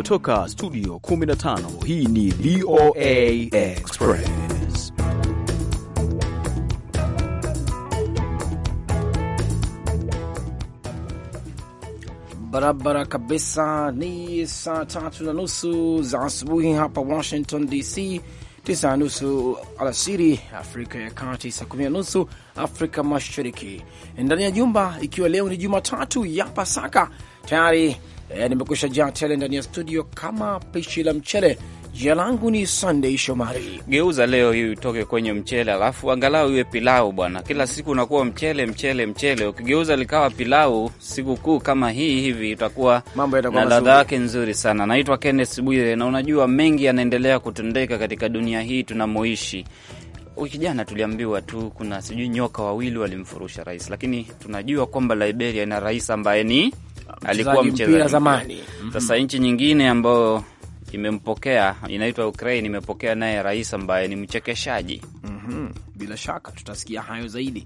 kutoka studio 15 hii ni VOA Express barabara kabisa ni saa tatu na nusu za asubuhi hapa Washington DC tisa na nusu alasiri Afrika ya Kati, saa kumi na nusu Afrika Mashariki, ndani ya jumba, ikiwa leo ni Jumatatu ya Pasaka tayari E, nimekusha jaa tele ndani ya studio kama pishi la mchele. Jina langu ni Sunday Shomari. Geuza leo hii utoke kwenye mchele, alafu angalau iwe pilau bwana. Kila mm. siku unakuwa mchele mchele mchele, ukigeuza likawa pilau sikukuu kama hii hivi, itakuwa na ladha yake nzuri sana. Naitwa Kenneth Bwire, na unajua mengi yanaendelea kutendeka katika dunia hii tunamoishi. Wiki jana tuliambiwa tu kuna sijui nyoka wawili walimfurusha rais, lakini tunajua kwamba Liberia ina rais ambaye ni alikuwa mcheza zamani. Mm-hmm. Sasa nchi nyingine ambayo imempokea inaitwa Ukraine, imepokea naye rais ambaye ni mchekeshaji. mm -hmm. Bila shaka tutasikia hayo zaidi.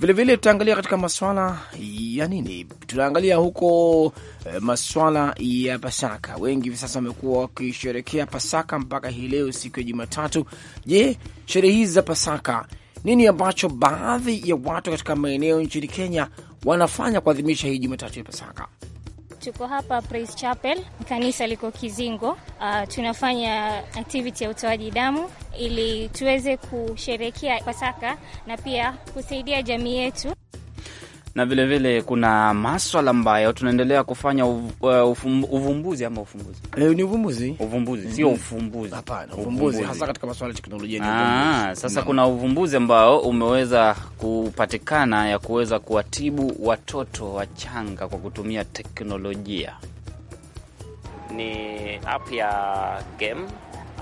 Vilevile tutaangalia katika maswala ya nini, tutaangalia huko eh, maswala ya Pasaka. Wengi hivi sasa wamekuwa wakisherekea Pasaka mpaka hii leo siku ya Jumatatu. Je, sherehe hizi za Pasaka, nini ambacho baadhi ya watu katika maeneo nchini Kenya wanafanya kuadhimisha hii Jumatatu ya Pasaka? Tuko hapa Praise Chapel, kanisa liko Kizingo. Uh, tunafanya activity ya utoaji damu ili tuweze kusherekea Pasaka na pia kusaidia jamii yetu na vilevile vile kuna maswala ambayo tunaendelea kufanya uh, uvumbuzi ama ufumbuzi e, ni uvumbuzi uvumbuzi, mhm. sio ufumbuzi. Hapana, uvumbuzi hasa katika maswala ya teknolojia ni ah, uvumbuzi. Sasa no. kuna uvumbuzi ambao umeweza kupatikana ya kuweza kuwatibu watoto wachanga kwa kutumia teknolojia. Ni app ya game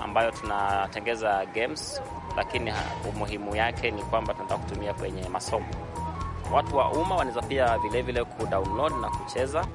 ambayo tunatengeza games, lakini umuhimu yake ni kwamba tunataka kutumia kwenye masomo watu wa umma wanaweza pia vilevile kudownload na kucheza.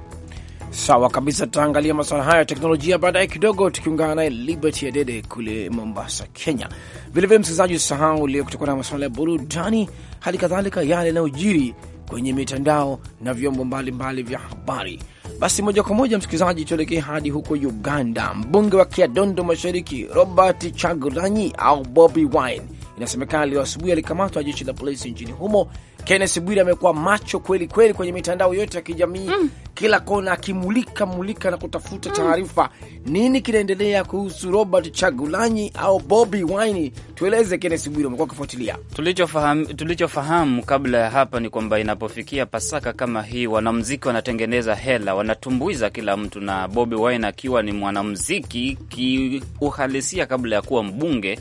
Sawa kabisa, tutaangalia masuala hayo ya teknolojia baadaye kidogo, tukiungana naye Liberty Dede kule Mombasa, Kenya. Vilevile msikilizaji, usisahau leo kutakuwa na masuala ya burudani, hali kadhalika yale yanayojiri kwenye mitandao na vyombo mbalimbali vya habari. Basi moja kwa moja, msikilizaji, tuelekee hadi huko Uganda. Mbunge wa Kiadondo Mashariki Robert Chagulanyi au Bobi Wine, inasemekana leo asubuhi alikamatwa jeshi la polisi nchini humo Kenneth Bwire amekuwa macho kweli kweli kwenye mitandao yote ya kijamii mm. kila kona akimulika mulika na kutafuta mm. taarifa mm nini kinaendelea kuhusu Robert Chagulanyi au Bobi Wine? Tueleze Kenesi Bwire, umekuwa ukifuatilia. Tulichofahamu tulichofahamu kabla ya hapa ni kwamba inapofikia Pasaka kama hii, wanamziki wanatengeneza hela, wanatumbuiza kila mtu, na Bobi Wine akiwa ni mwanamziki kiuhalisia kabla ya kuwa mbunge,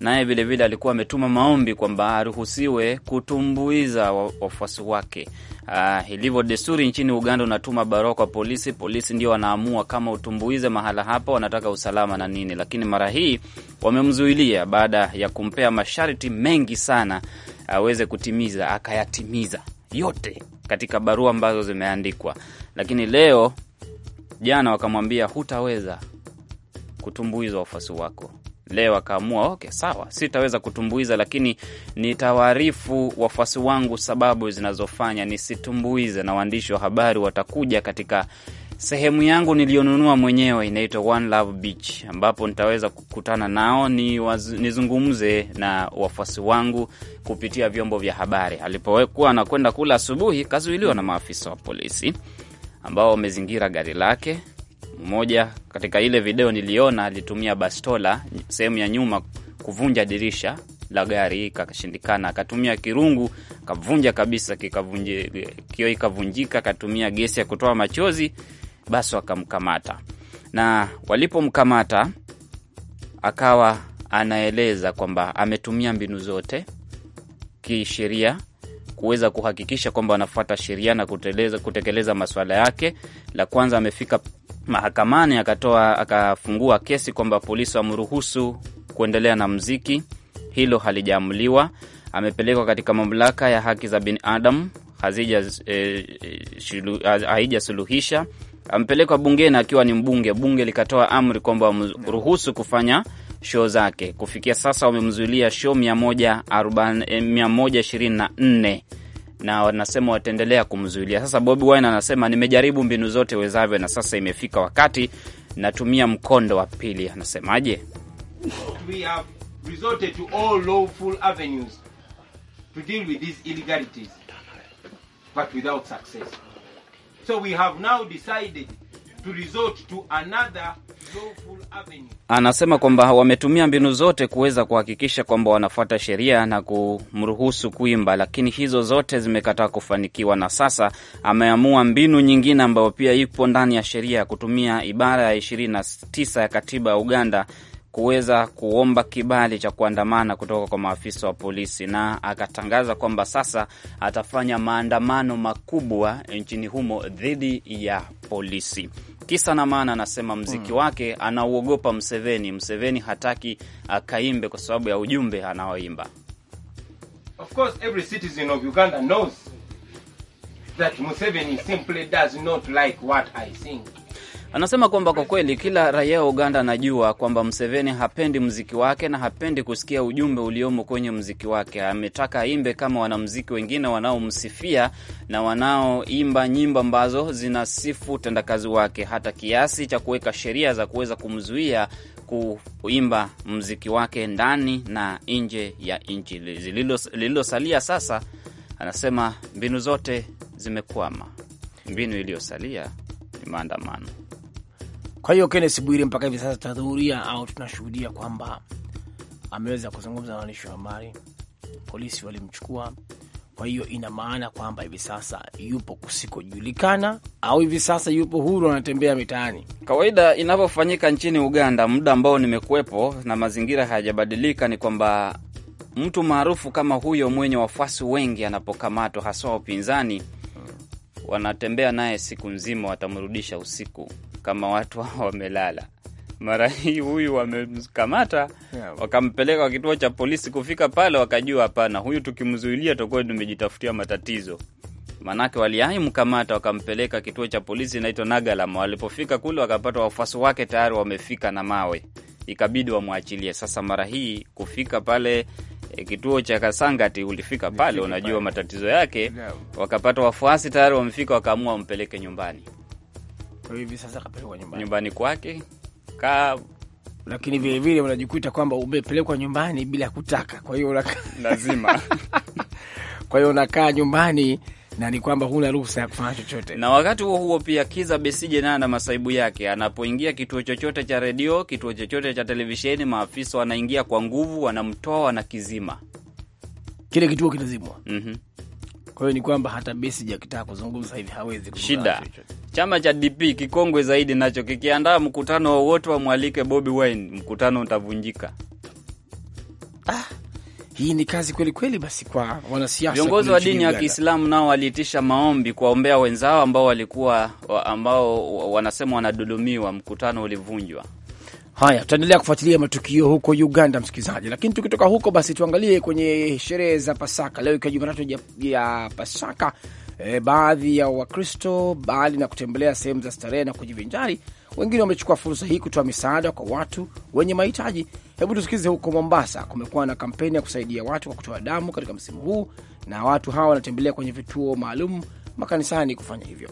naye vilevile alikuwa ametuma maombi kwamba aruhusiwe kutumbuiza wafuasi wake Uh, ilivyo desturi nchini Uganda, unatuma barua kwa polisi, polisi ndio wanaamua kama utumbuize mahala hapa, wanataka usalama na nini, lakini mara hii wamemzuilia baada ya kumpea masharti mengi sana aweze uh, kutimiza, akayatimiza yote katika barua ambazo zimeandikwa, lakini leo jana wakamwambia hutaweza kutumbuiza wafuasi wako leo akaamua okay, sawa, sitaweza kutumbuiza, lakini nitawaarifu wafuasi wangu sababu zinazofanya nisitumbuize, na waandishi wa habari watakuja katika sehemu yangu niliyonunua mwenyewe inaitwa One Love Beach, ambapo nitaweza kukutana nao ni waz, nizungumze na wafuasi wangu kupitia vyombo vya habari. Alipokuwa anakwenda kula asubuhi, kazuiliwa na maafisa wa polisi ambao wamezingira gari lake mmoja katika ile video niliona alitumia bastola sehemu ya nyuma kuvunja dirisha la gari ikashindikana, akatumia kirungu kavunja kabisa, kio ikavunjika, akatumia gesi ya kutoa machozi, basi wakamkamata. Na walipomkamata akawa anaeleza kwamba ametumia mbinu zote kisheria kuweza kuhakikisha kwamba wanafuata sheria na kutekeleza masuala yake. La kwanza amefika mahakamani akatoa akafungua kesi kwamba polisi wamruhusu kuendelea na mziki. Hilo halijaamuliwa. Amepelekwa katika mamlaka ya haki za binadamu, eh, haijasuluhisha. Amepelekwa bungeni akiwa ni mbunge, bunge likatoa amri kwamba wamruhusu kufanya show zake. Kufikia sasa wamemzuilia show eh, na wanasema wataendelea kumzuilia. Sasa Bobi Wine anasema nimejaribu mbinu zote wezavyo, na sasa imefika wakati natumia mkondo wa pili. Anasemaje? So we have now decided Anasema kwamba wametumia mbinu zote kuweza kuhakikisha kwamba wanafuata sheria na kumruhusu kuimba, lakini hizo zote zimekataa kufanikiwa, na sasa ameamua mbinu nyingine ambayo pia ipo ndani ya sheria ya kutumia ibara ya 29 ya katiba ya Uganda kuweza kuomba kibali cha kuandamana kutoka kwa maafisa wa polisi, na akatangaza kwamba sasa atafanya maandamano makubwa nchini humo dhidi ya polisi. Kisa na maana, anasema mziki hmm. wake anauogopa Mseveni. Mseveni hataki akaimbe kwa sababu ya ujumbe anaoimba. Of course every citizen of Uganda knows that Museveni simply does not like what I sing. Anasema kwamba kwa kweli kila raia wa Uganda anajua kwamba Mseveni hapendi mziki wake na hapendi kusikia ujumbe uliomo kwenye mziki wake. Ametaka aimbe kama wanamziki wengine wanaomsifia na wanaoimba nyimbo ambazo zinasifu utendakazi wake, hata kiasi cha kuweka sheria za kuweza kumzuia kuimba mziki wake ndani na nje ya nchi. Lililosalia sasa, anasema mbinu zote zimekwama, mbinu iliyosalia ni maandamano. Kwa hiyo Kenneth Bwire, mpaka hivi sasa tunadhuhuria au tunashuhudia kwamba ameweza kuzungumza na waandishi wa habari, polisi walimchukua. Kwa hiyo ina maana kwamba hivi sasa yupo kusikojulikana, au hivi sasa yupo huru, anatembea mitaani kawaida inavyofanyika nchini Uganda. Muda ambao nimekuwepo na mazingira hayajabadilika ni kwamba mtu maarufu kama huyo mwenye wafuasi wengi anapokamatwa, haswa upinzani, wanatembea naye siku nzima, watamrudisha usiku kama watu hao wamelala. Mara hii huyu wamemkamata, yeah, wakampeleka kituo cha polisi. Kufika pale wakajua, hapana, huyu tukimzuilia tutakuwa tumejitafutia matatizo. Maanake waliai mkamata, wakampeleka kituo cha polisi inaitwa Nagalam. Walipofika kule, wakapata wafuasi wake tayari wamefika na mawe, ikabidi wamwachilie. Sasa mara hii kufika pale E, kituo cha Kasangati ulifika pale, unajua matatizo yake. Wakapata wafuasi tayari wamefika, wakaamua wampeleke nyumbani. Kwa hivi sasa kapelekwa nyumbani, nyumbani kwake ka lakini vilevile unajikuta kwamba umepelekwa nyumbani bila kutaka, kwa hiyo unaka... lazima kwa hiyo unakaa nyumbani na ni kwamba huna ruhusa ya kufanya chochote. Na wakati huo huo pia Kiza Besije naye ana masaibu yake. Anapoingia kituo chochote cha redio, kituo chochote cha televisheni, maafisa wanaingia kwa nguvu, wanamtoa na kizima kile kituo kinazimwa. mm -hmm. Kwa hiyo ni kwamba hata Besigye akitaka kuzungumza hivi hawezi. Shida chama cha DP kikongwe zaidi nacho kikiandaa mkutano wowote wamwalike Bobi Wine, mkutano utavunjika. Ah, hii ni kazi kweli kweli. Basi kwa wanasiasa, viongozi wa dini ya Kiislamu nao waliitisha maombi kuwaombea wenzao ambao walikuwa ambao wanasema wanadudumiwa, mkutano ulivunjwa. Haya, tutaendelea kufuatilia matukio huko Uganda, msikilizaji. Lakini tukitoka huko, basi tuangalie kwenye sherehe za Pasaka leo, ikiwa Jumatatu ya, ya Pasaka. E, baadhi ya Wakristo bali na kutembelea sehemu za starehe na kujivinjari, wengine wamechukua fursa hii kutoa misaada kwa watu wenye mahitaji. Hebu tusikize, huko Mombasa kumekuwa na kampeni ya kusaidia watu kwa kutoa damu katika msimu huu, na watu hawa wanatembelea kwenye vituo maalum makanisani kufanya hivyo.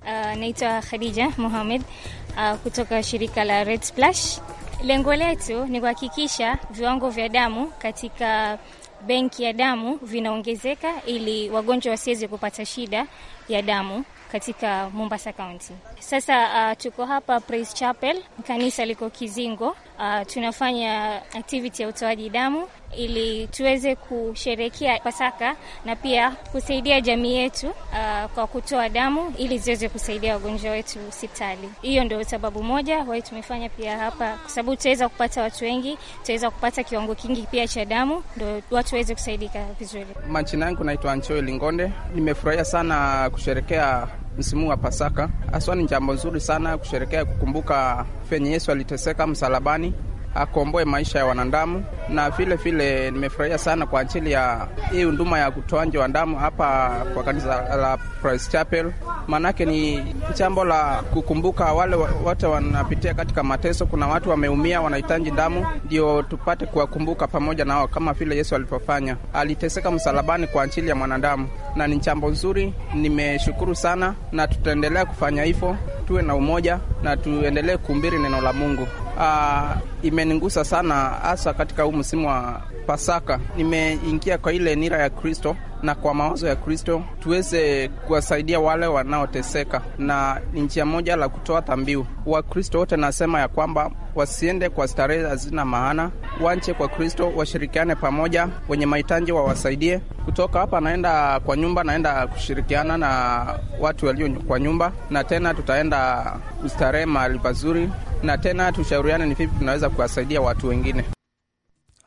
Uh, naitwa Khadija Mohamed uh, ah, kutoka shirika la Red Splash. Lengo letu ni kuhakikisha viwango vya damu katika benki ya damu vinaongezeka ili wagonjwa wasiweze kupata shida ya damu katika Mombasa County. Sasa uh, tuko hapa Praise Chapel, kanisa liko Kizingo uh, tunafanya activity ya utoaji damu ili tuweze kusherekea Pasaka na pia kusaidia jamii yetu uh, kwa kutoa damu ili ziweze kusaidia wagonjwa wetu hospitali. Hiyo ndio sababu moja wao tumefanya pia hapa, kwa sababu tutaweza kupata watu wengi, tutaweza kupata kiwango kingi pia cha damu, ndio watu waweze kusaidika vizuri. Majina yangu naitwa Anchoe Lingonde. Nimefurahia sana kusherekea msimu wa Pasaka. Haswa ni jambo nzuri sana kusherekea kukumbuka fenye Yesu aliteseka msalabani akomboe maisha ya wanadamu, na vile vile nimefurahia sana kwa ajili ya hii huduma ya kutoanji wa damu hapa kwa kanisa la prichapel Chapel, maanake ni jambo la kukumbuka wale wote wanapitia katika mateso. Kuna watu wameumia, wanahitaji damu, ndio tupate kuwakumbuka pamoja nao, kama vile Yesu alivyofanya. Aliteseka msalabani kwa ajili ya mwanadamu, na ni jambo nzuri. Nimeshukuru sana, na tutaendelea kufanya hivyo. Tuwe na umoja na tuendelee kuhubiri neno la Mungu uh, imenigusa sana hasa katika huu msimu wa Pasaka. Nimeingia kwa ile nira ya Kristo na kwa mawazo ya Kristo tuweze kuwasaidia wale wanaoteseka, na ni njia moja la kutoa thambiu. Wakristo wote nasema ya kwamba wasiende kwa starehe hazina maana, wanche kwa Kristo, washirikiane pamoja, wenye mahitaji wawasaidie. Kutoka hapa naenda kwa nyumba, naenda kushirikiana na watu walio kwa nyumba, na tena tutaenda kustarehe mahali pazuri, na tena tushauriane ni vipi tunaweza kuwasaidia watu wengine.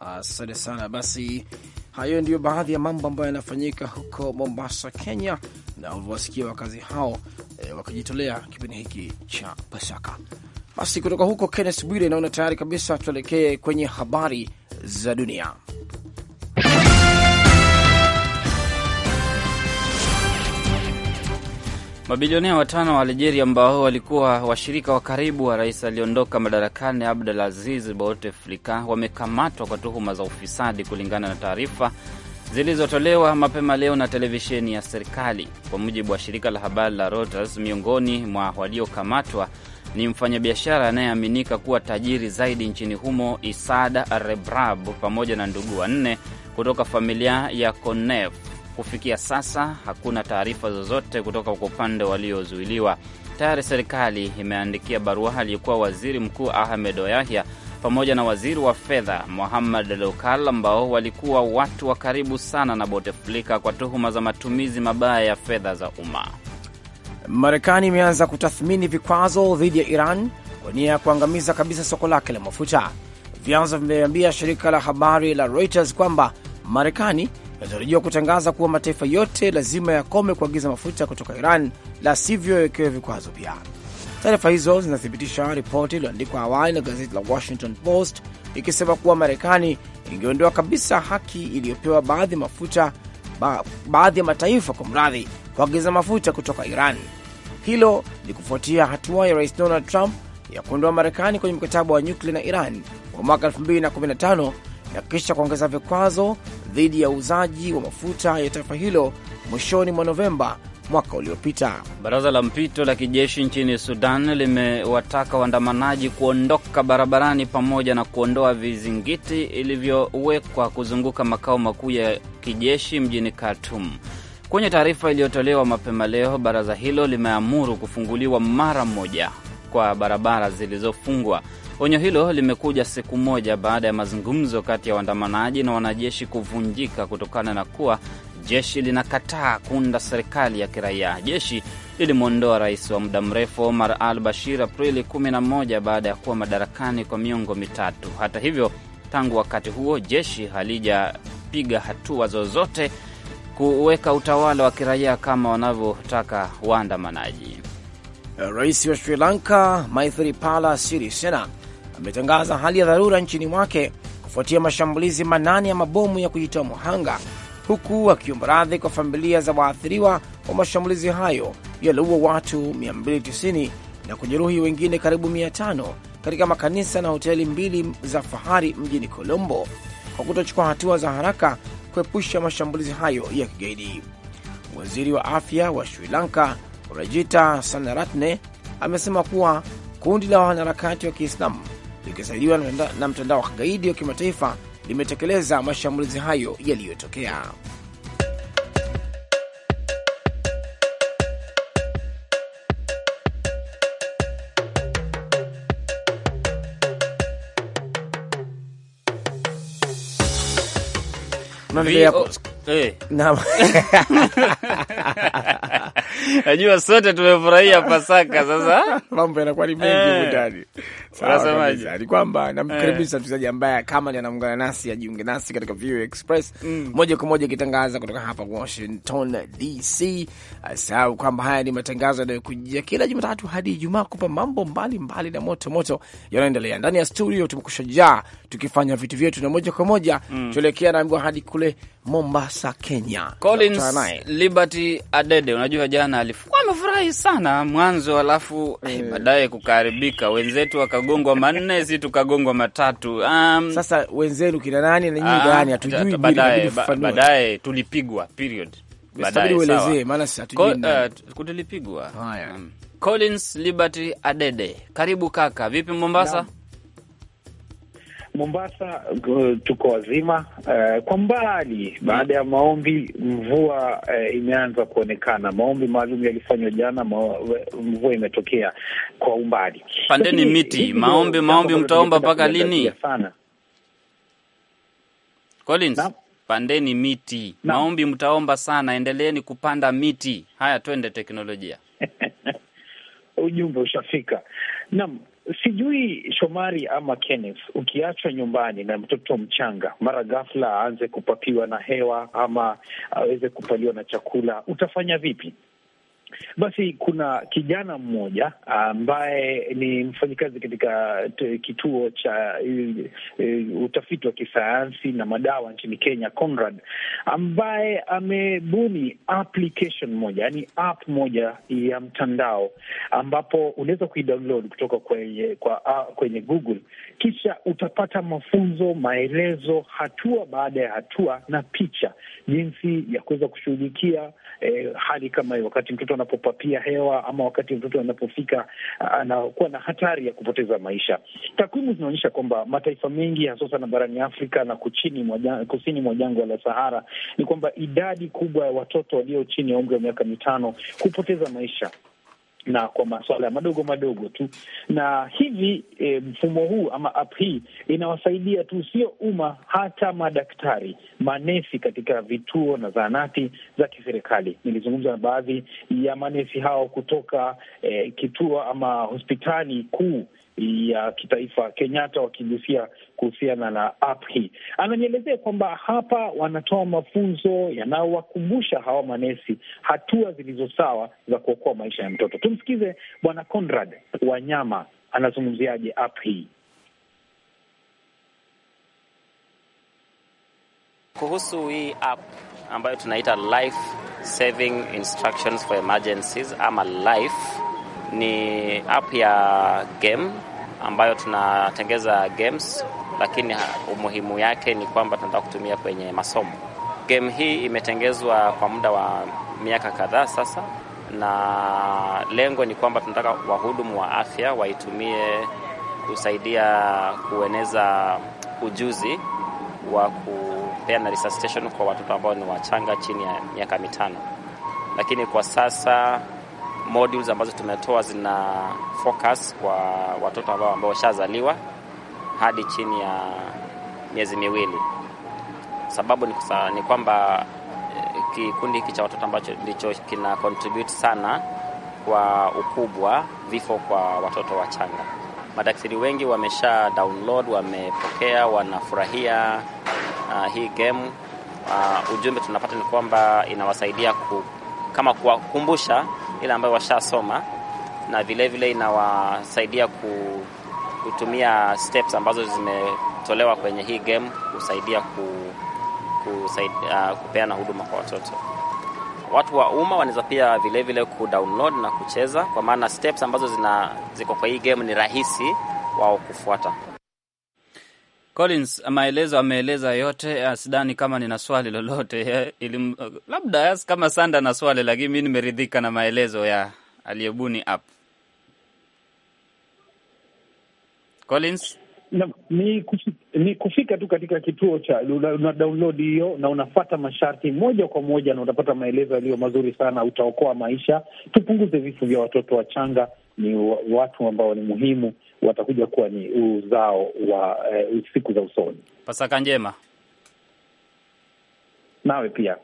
Asante sana. Basi hayo ndiyo baadhi ya mambo ambayo yanafanyika huko Mombasa, Kenya, na ulivyowasikia wakazi hao e, wakijitolea kipindi hiki cha Pasaka. Basi kutoka huko, Kenneth Bwire, naona tayari kabisa tuelekee kwenye habari za dunia. Mabilionea watano wa Algeria ambao walikuwa washirika wa karibu wa rais aliondoka madarakani abdul aziz Bouteflika wamekamatwa kwa tuhuma za ufisadi, kulingana na taarifa zilizotolewa mapema leo na televisheni ya serikali. Kwa mujibu wa shirika la habari la Reuters, miongoni mwa waliokamatwa ni mfanyabiashara anayeaminika kuwa tajiri zaidi nchini humo isad Rebrab pamoja na ndugu wanne kutoka familia ya Konef. Kufikia sasa hakuna taarifa zozote kutoka kwa upande waliozuiliwa. Tayari serikali imeandikia barua aliyekuwa waziri mkuu Ahmed Oyahya pamoja na waziri wa fedha Muhammad Lokal ambao walikuwa watu wa karibu sana na Bouteflika kwa tuhuma za matumizi mabaya ya fedha za umma. Marekani imeanza kutathmini vikwazo dhidi ya Iran kwa nia ya kuangamiza kabisa soko lake la mafuta. Vyanzo vimeambia shirika la habari la Reuters kwamba Marekani yanatarajiwa kutangaza kuwa mataifa yote lazima yakome kuagiza mafuta kutoka Iran, la sivyo yawekewe vikwazo pia. Taarifa hizo zinathibitisha ripoti iliyoandikwa awali na gazeti la Washington Post ikisema kuwa Marekani ingeondoa kabisa haki iliyopewa baadhi mafuta ba, baadhi ya mataifa kwa mradhi kuagiza mafuta kutoka Iran. Hilo ni kufuatia hatua ya Rais Donald Trump ya kuondoa Marekani kwenye mkataba wa nyuklia na Iran wa mwaka 2015 na kisha kuongeza vikwazo dhidi ya uuzaji wa mafuta ya taifa hilo mwishoni mwa Novemba mwaka uliopita. Baraza la mpito la kijeshi nchini Sudan limewataka waandamanaji kuondoka barabarani pamoja na kuondoa vizingiti ilivyowekwa kuzunguka makao makuu ya kijeshi mjini Khartoum. Kwenye taarifa iliyotolewa mapema leo, baraza hilo limeamuru kufunguliwa mara moja kwa barabara zilizofungwa Onyo hilo limekuja siku moja baada ya mazungumzo kati ya waandamanaji na wanajeshi kuvunjika kutokana na kuwa jeshi linakataa kuunda serikali ya kiraia. Jeshi lilimwondoa rais wa muda mrefu Omar al Bashir Aprili 11 baada ya kuwa madarakani kwa miongo mitatu. Hata hivyo, tangu wakati huo jeshi halijapiga hatua zozote kuweka utawala wa kiraia kama wanavyotaka waandamanaji. Rais wa Sri Lanka Maithripala Sirisena ametangaza hali ya dharura nchini mwake kufuatia mashambulizi manane ya mabomu ya kujitoa muhanga, huku akiomba radhi kwa familia za waathiriwa wa mashambulizi hayo yaliua watu 290 na kujeruhi wengine karibu 500 katika makanisa na hoteli mbili za fahari mjini Colombo kwa kutochukua hatua za haraka kuepusha mashambulizi hayo ya kigaidi. Waziri wa afya wa Sri Lanka Rajita Sanaratne amesema kuwa kundi la wanaharakati wa Kiislamu likisaidiwa na mtandao wa kigaidi wa kimataifa limetekeleza mashambulizi hayo yaliyotokea. Eh. Najua sote tumefurahia Pasaka sasa. Mambo yanakuwa ni mengi eh. ndani. ni kwamba eh. namkaribisha mchezaji ambaye kama ni anaungana nasi ajiunge nasi katika View Express mm, moja kwa moja ikitangaza kutoka hapa Washington DC. Asahau kwamba haya ni matangazo yanayokujia kila Jumatatu hadi Ijumaa kupa mambo mbalimbali na moto moto yanaendelea ndani ya studio. Tumekushajaa tukifanya vitu vyetu na moja kwa moja mm, tuelekea naambiwa hadi kule Mombasa, Kenya. Collins Liberty Adede, unajua jana alikuwa amefurahi sana mwanzo, alafu eh, eh. baadaye kukaharibika. Wenzetu wakagongwa manne, si tukagongwa matatu. Um, sasa wenzenu kina nani na nyinyi ah, gani? Hatujui, baadaye tulipigwa period, baadaye uelezee, maana sisi hatujui eh, um, Collins Liberty Adede, karibu kaka, vipi Mombasa? Mombasa uh, tuko wazima uh, kwa mbali. Baada ya maombi, mvua uh, imeanza kuonekana. Maombi maalum yalifanywa jana, uh, mvua imetokea kwa umbali. Pandeni miti, maombi maombi, mtaomba mpaka lini? Sana Collins na? Pandeni miti na? Maombi mtaomba sana, endeleeni kupanda miti. Haya, twende teknolojia. Ujumbe ushafika. Naam. Sijui Shomari ama Kenneth, ukiachwa nyumbani na mtoto mchanga, mara ghafla aanze kupapiwa na hewa ama aweze kupaliwa na chakula, utafanya vipi? Basi kuna kijana mmoja ambaye ni mfanyikazi katika kituo cha uh, utafiti wa kisayansi na madawa nchini Kenya, Conrad, ambaye amebuni application moja, yani app moja ya mtandao ambapo unaweza kuidownload kutoka kwenye, kwa, uh, kwenye Google, kisha utapata mafunzo, maelezo, hatua baada ya hatua na picha jinsi ya kuweza kushughulikia eh, hali kama hiyo wakati mtoto anapopapia hewa ama wakati mtoto anapofika anakuwa ah, na hatari ya kupoteza maisha. Takwimu zinaonyesha kwamba mataifa mengi hasa sana barani Afrika na kuchini kusini mwa jangwa la Sahara ni kwamba idadi kubwa ya watoto walio chini ya umri wa miaka mitano hupoteza maisha na kwa masuala madogo madogo tu, na hivi e, mfumo huu ama app hii inawasaidia tu sio umma, hata madaktari, manesi katika vituo na zahanati za kiserikali. Nilizungumza na baadhi ya manesi hao kutoka e, kituo ama hospitali kuu ya kitaifa Kenyatta wakigusia kuhusiana na app hii. Ananielezea kwamba hapa wanatoa mafunzo yanayowakumbusha hawa manesi hatua zilizo sawa za kuokoa maisha ya mtoto. Tumsikize Bwana Conrad Wanyama anazungumziaje app hii. Kuhusu hii app ambayo tunaita Life Saving Instructions for Emergencies ama Life, ni app ya game ambayo tunatengeza games, lakini umuhimu yake ni kwamba tunataka kutumia kwenye masomo. Game hii imetengezwa kwa muda wa miaka kadhaa sasa, na lengo ni kwamba tunataka wahudumu wa afya waitumie kusaidia kueneza ujuzi wa kupeana resuscitation kwa watoto ambao ni wachanga chini ya miaka mitano, lakini kwa sasa modules ambazo tumetoa zina focus kwa watoto ambao ambao washazaliwa hadi chini ya miezi miwili. Sababu ni, kusa, ni kwamba eh, kikundi hiki cha watoto ambacho ndicho kina contribute sana kwa ukubwa vifo kwa watoto wachanga. Madaktari wengi wamesha download, wamepokea, wanafurahia uh, hii game uh, ujumbe tunapata ni kwamba inawasaidia ku, kama kuwakumbusha ile ambayo washasoma na vilevile inawasaidia kutumia steps ambazo zimetolewa kwenye hii game kusaidia ku, kusaidia, uh, kupeana huduma kwa watoto. Watu wa umma wanaweza pia vilevile kudownload na kucheza, kwa maana steps ambazo zina, ziko kwa hii game ni rahisi wao kufuata. Collins maelezo ameeleza yote, ah, sidhani kama nina swali lolote ilim, labda as kama Sanda na swali, lakini mi nimeridhika na maelezo ya aliyebuni app Collins. Na, ni, kufika, ni kufika tu katika kituo cha una download hiyo na unafata masharti moja kwa moja, na utapata maelezo yaliyo mazuri sana. Utaokoa maisha, tupunguze vifo vya watoto wachanga, ni watu ambao ni muhimu watakuja kuwa ni uzao wa uh, siku za usoni. Pasaka njema nawe pia.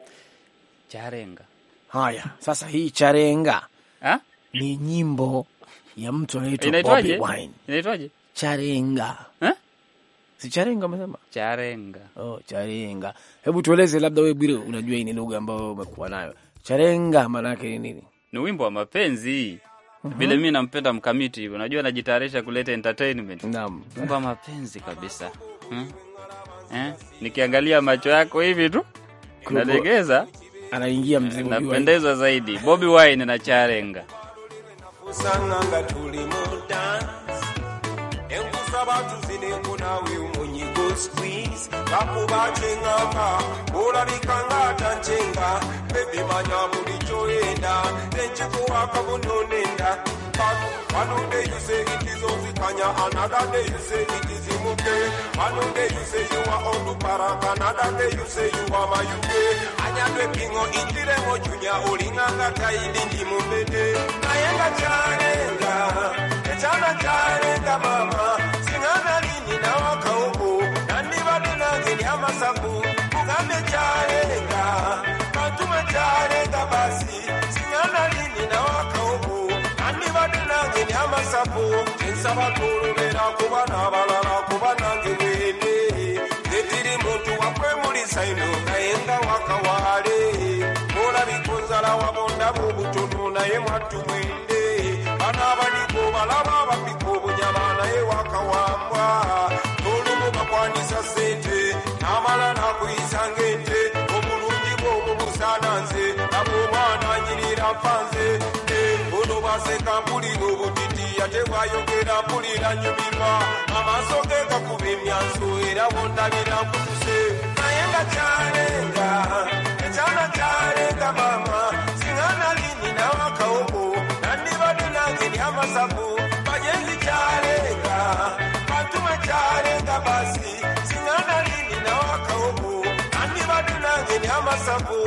Charenga. Haya, sasa hii charenga ha? ni nyimbo ya mtu anaitwa Wine. Inaitwaje? Charenga ha? Si charenga umesema? Charenga. Oh, charenga. Hebu tueleze labda wewe Bwire unajua ini lugha ambayo umekuwa nayo. Charenga maana yake ni nini? Ni wimbo wa mapenzi. Mhm. Vile mi nampenda mkamiti hivyo, unajua najitayarisha kuleta entertainment. Naam. Mungu mapenzi kabisa hmm? Eh? Nikiangalia macho yako hivi tu nalegeza, anaingia eh, mzimu, napendezwa zaidi. Bobby Wine na Charenga squeeze kakuba kyeŋŋamba olabika ng'atancenga bebimanya buli kyoyenda enkikuwa kabuno nenda One day you say it is Ozikanya, another day you say it is Imuke. One day you say you are Oduparak, another day you say you are Mayuke. Anyadwe pingo itiremo junya olinganga taili ndimumete. Nayenga chanenga, echana chanenga mama. nsaba tolobera kuba n'abalala kuba nange wende tetiri muntu wakwemulisa ino naye nga wakawaale olabiko nzala wabonda mu butono naye mwatumwende banaabaliko balaba abapika obunyama naye wakawambwa tolumu bakwanisa sente n'amala n'akuyisa ng'ente obulungi bw'obubusaananze nabwobwananyirira mpanze eh, ono baseka mpulira obutini tewaayogera mpulira nyumirwa amaaso ge gakuba emyanso era bondabira nkutuse naye nga kyalenga ekyana kyalenga maama singa nali ninawo akawoko nandibadde nange ndi amasavu bagenzi kyalenga bantuma kyalenga basi singa nali ninawo akawoko nandibadde nange ndi amasavu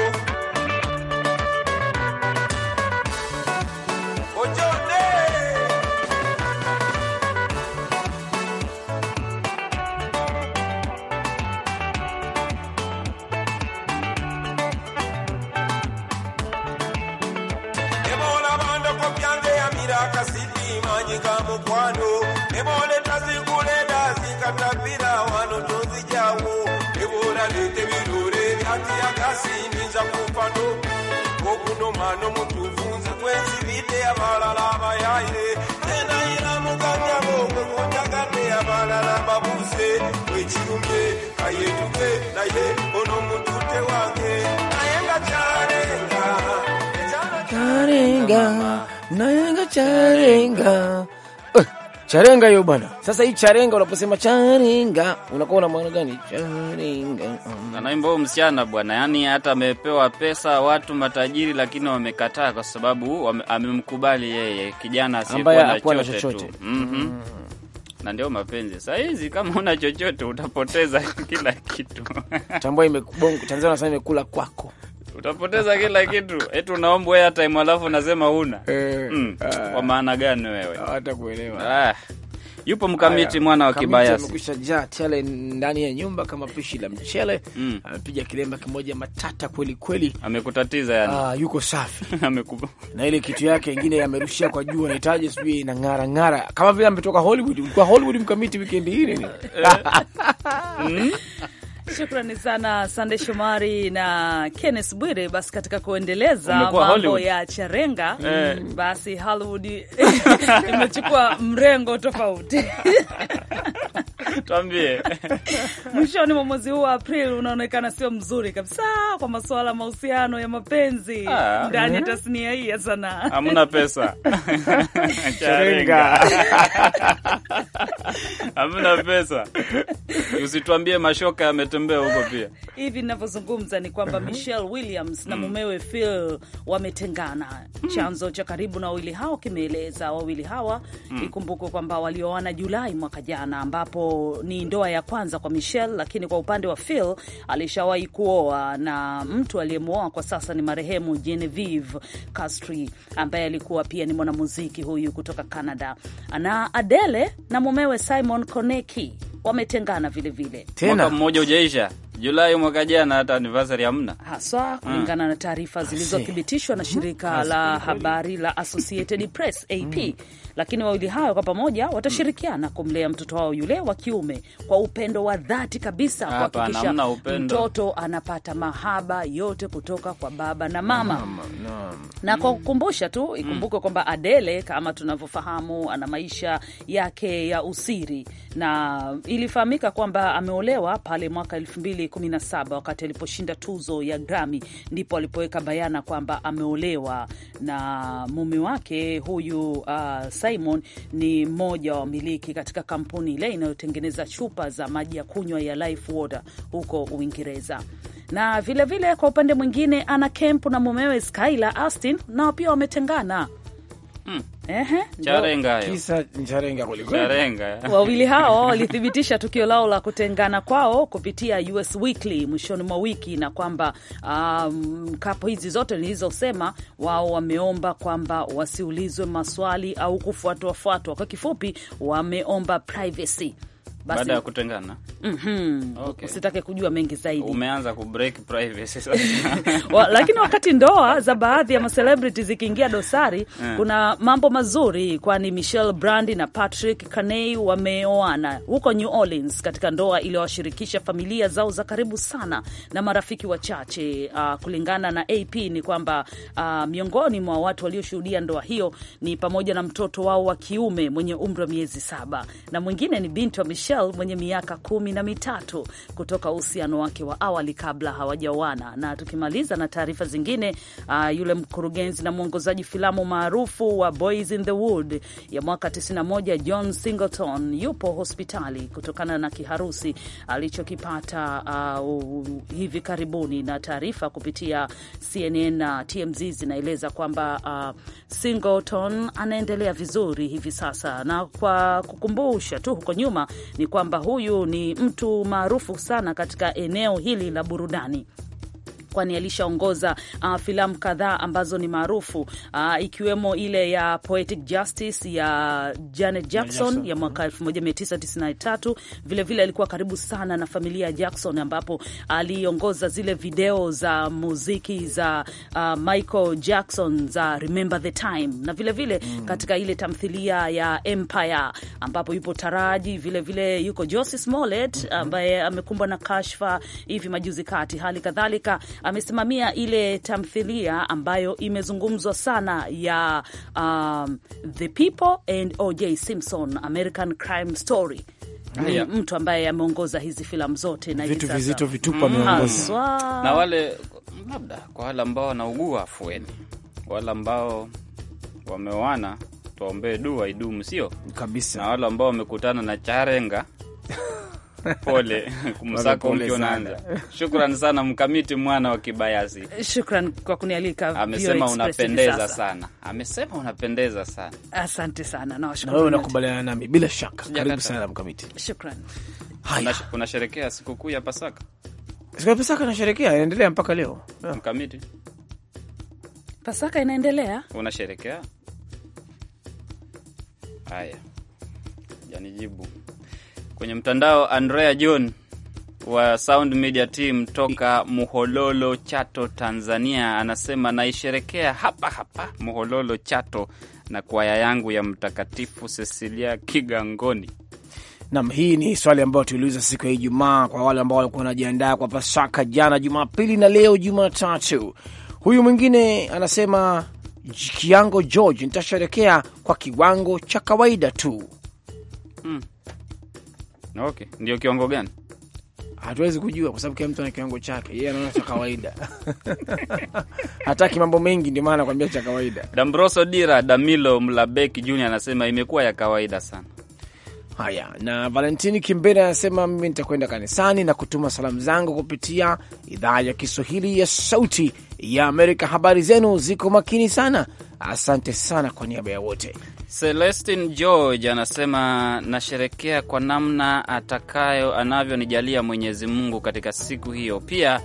kasiti manyi mukwano wano byati okuno abalala wekirumye kayetuke naye ono mutute Naenga charenga. Uh, charenga hiyo bwana. Sasa hii charenga unaposema charenga unakuwa una maana gani? Charenga. Um. Anaimba huyo msichana bwana. Yaani hata amepewa pesa watu matajiri lakini wamekataa kwa sababu amemkubali yeye kijana asiyekuwa na chochote. chochote. Mhm. Mm na ndio mapenzi. Saa hizi kama una chochote utapoteza kila kitu. Tambua imebongo Tanzania sana imekula kwako utapoteza kila kitu. Eti unaomba hea time alafu unasema huna eh, mm. Ah. Kwa maana gani wewe? Hata kuelewa ah. Yupo mkamiti mwana wa Kibayasi amekusha jaa tele ndani ya nyumba kama pishi la mchele mm. Amepiga kilemba kimoja matata kweli kweli, amekutatiza yani. Aa, ah, yuko safi amekupa na ile kitu yake ingine amerushia kwa juu, anahitaji sijui ina ng'ara ng'ara kama vile ametoka Hollywood. Ulikuwa Hollywood mkamiti wikendi ile Shukrani sana Sande Shomari na Kennes Bwire. Basi katika kuendeleza mambo ya charenga mm. basi Hollywood imechukua mrengo tofauti Tuambie, mwishoni mwa mwezi huu wa Aprili unaonekana sio mzuri kabisa kwa masuala mahusiano ya mapenzi ah, ndani ya mm-hmm. tasnia hii ya sanaa. Hamna pesa charenga hamna pesa. Usituambie mashoka yametembea huko pia. Hivi ninavyozungumza ni kwamba mhm. Michelle Williams na mm. mumewe Phil wametengana. Mm. Chanzo cha karibu na wawili hao kimeeleza wawili hawa, mm. ikumbukwe kwamba walioana Julai mwaka jana, ambapo ni ndoa ya kwanza kwa Michelle, lakini kwa upande wa Phil alishawahi kuoa na mtu aliyemwoa kwa sasa ni marehemu Genevieve Castry ambaye alikuwa pia ni mwanamuziki huyu kutoka Canada, na Adele na mumewe Simon Koneki wametengana vilevile, mwaka mmoja ujaisha Julai mwaka jana, hata anniversary hamna haswa, mm. kulingana mm. na taarifa zilizothibitishwa na mm-hmm. shirika mm. la habari la Associated Press AP mm lakini wawili hayo kwa pamoja watashirikiana kumlea mtoto wao yule wa kiume kwa upendo wa dhati kabisa, kuhakikisha mtoto anapata mahaba yote kutoka kwa baba na mama. Mama, mama. Na kwa kukumbusha tu mm. ikumbuke kwamba Adele kama tunavyofahamu ana maisha yake ya usiri, na ilifahamika kwamba ameolewa pale mwaka 2017 wakati aliposhinda tuzo ya Grammy, ndipo alipoweka bayana kwamba ameolewa na mume wake huyu uh, Simon ni mmoja wa wamiliki katika kampuni ile inayotengeneza chupa za maji ya kunywa ya Life Water huko Uingereza na vilevile vile, kwa upande mwingine Anna Kemp na mumewe Skylar Astin nao pia wametengana charenga Kisa Wawili hao walithibitisha tukio lao la kutengana kwao kupitia US Weekly mwishoni mwa wiki na kwamba um, kapo hizi zote nilizosema wao wameomba kwamba wasiulizwe maswali au kufuatwafuatwa. Kwa kifupi wameomba privacy baada ya kutengana. mm -hmm. Okay. Usitake kujua mengi zaidi, umeanza ku break privacy sasa. Lakini wakati ndoa za baadhi ya macelebrity zikiingia dosari yeah. kuna mambo mazuri, kwani Michelle brand na Patrick kaney wameoana huko New Orleans katika ndoa iliyowashirikisha familia zao za karibu sana na marafiki wachache. Uh, kulingana na AP ni kwamba uh, miongoni mwa watu walioshuhudia ndoa hiyo ni pamoja na mtoto wao wa kiume mwenye umri wa miezi saba na mwingine ni binti wa Michelle Michelle mwenye miaka kumi na mitatu kutoka uhusiano wake wa awali kabla hawajaoana. Na tukimaliza na taarifa zingine, uh, yule mkurugenzi na mwongozaji filamu maarufu wa Boys in the Wood ya mwaka 91 John Singleton yupo hospitali kutokana na kiharusi alichokipata uh, hivi karibuni, na taarifa kupitia CNN na TMZ zinaeleza kwamba uh, Singleton anaendelea vizuri hivi sasa, na kwa kukumbusha tu huko nyuma ni kwamba huyu ni mtu maarufu sana katika eneo hili la burudani kwani alishaongoza uh, filamu kadhaa ambazo ni maarufu uh, ikiwemo ile ya Poetic Justice ya Janet Jackson, ya mwaka 1993. Mm-hmm. Vilevile alikuwa karibu sana na familia ya Jackson ambapo aliongoza zile video za muziki za uh, Michael Jackson za Remember the Time na vilevile vile, mm. katika ile tamthilia ya Empire ambapo yupo Taraji vilevile vile, yuko Josie Smollett mm-hmm. ambaye amekumbwa na kashfa hivi majuzi kati. Hali kadhalika amesimamia ile tamthilia ambayo imezungumzwa sana ya um, The People and OJ Simpson American Crime Story ni yeah. Mtu ambaye ameongoza hizi filamu zote na vitu vizito vitupa ameongoza mm-hmm. mm. na wale labda kwa wale ambao wanaugua afueni, wale ambao wameoana tuwaombee dua idumu, sio kabisa, na wale ambao wamekutana na charenga Pole kumsako ukionaanza. Shukran sana mkamiti mwana wa kibayasi, shukran kwa kunialika. Amesema unapendeza sana, amesema unapendeza sana. Asante sana na Wewe unakubaliana nami bila shaka. Karibu sana mkamiti, shukran. Unasherekea sikukuu ya Pasaka? Siku ya Pasaka nasherekea, inaendelea mpaka leo. Mkamiti, Pasaka inaendelea, unasherekea? Haya, janijibu kwenye mtandao. Andrea John wa Sound Media Team toka Muhololo, Chato, Tanzania, anasema naisherekea hapa hapa Muhololo, Chato na kwaya yangu ya Mtakatifu Cecilia Kigangoni. Nam, hii ni swali ambayo tuliuliza siku ya Ijumaa kwa wale ambao walikuwa wanajiandaa kwa Pasaka jana Jumapili na leo Jumatatu. Huyu mwingine anasema Kiango George, nitasherekea kwa kiwango cha kawaida tu. Hmm. Okay, ndio kiwango gani? Hatuwezi kujua kwa sababu kila mtu ana kiwango chake, yeye anaona cha kawaida hataki mambo mengi, ndio maana nakwambia cha kawaida. Dambroso Dira Damilo Mlabeki Junior anasema imekuwa ya kawaida sana. Haya, na Valentini Kimbera anasema mimi nitakwenda kanisani na kutuma salamu zangu kupitia idhaa ya Kiswahili ya Sauti ya Amerika. Habari zenu ziko makini sana Asante sana kwa niaba ya wote. Celestin George anasema nasherekea kwa namna atakayo anavyonijalia Mwenyezi Mungu katika siku hiyo. Pia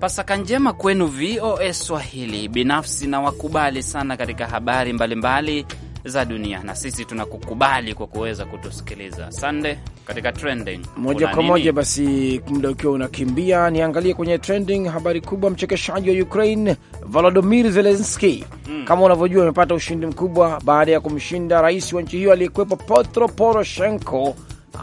Pasaka njema kwenu VOA Swahili. Binafsi na wakubali sana katika habari mbalimbali mbali za dunia na sisi tunakukubali kwa kuweza kutusikiliza. Sande katika trending moja kwa moja. Basi muda ukiwa unakimbia, niangalie kwenye trending habari kubwa, mchekeshaji wa Ukraine Volodymyr Zelensky mm kama unavyojua imepata ushindi mkubwa baada ya kumshinda rais wa nchi hiyo aliyekuwepo Petro Poroshenko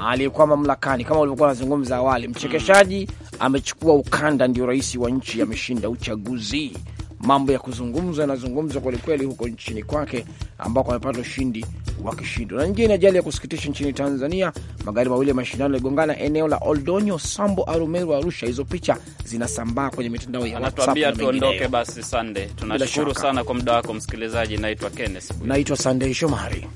aliyekuwa mamlakani. Kama ulivyokuwa zungumza awali, mchekeshaji amechukua ukanda, ndio rais wa nchi, ameshinda uchaguzi mambo ya kuzungumzwa yanazungumzwa kwelikweli huko nchini kwake ambako amepata ushindi wa kishindo. Na nyingine ajali ya kusikitisha nchini Tanzania, magari mawili ya mashindano yaligongana eneo la Oldonyo Sambo Arumeru Arusha. Hizo picha zinasambaa kwenye mitandao ya WhatsApp tuondoke basi. Sande, tunashukuru sana kwa muda wako msikilizaji. Naitwa Kenneth, naitwa Sandei Shomari.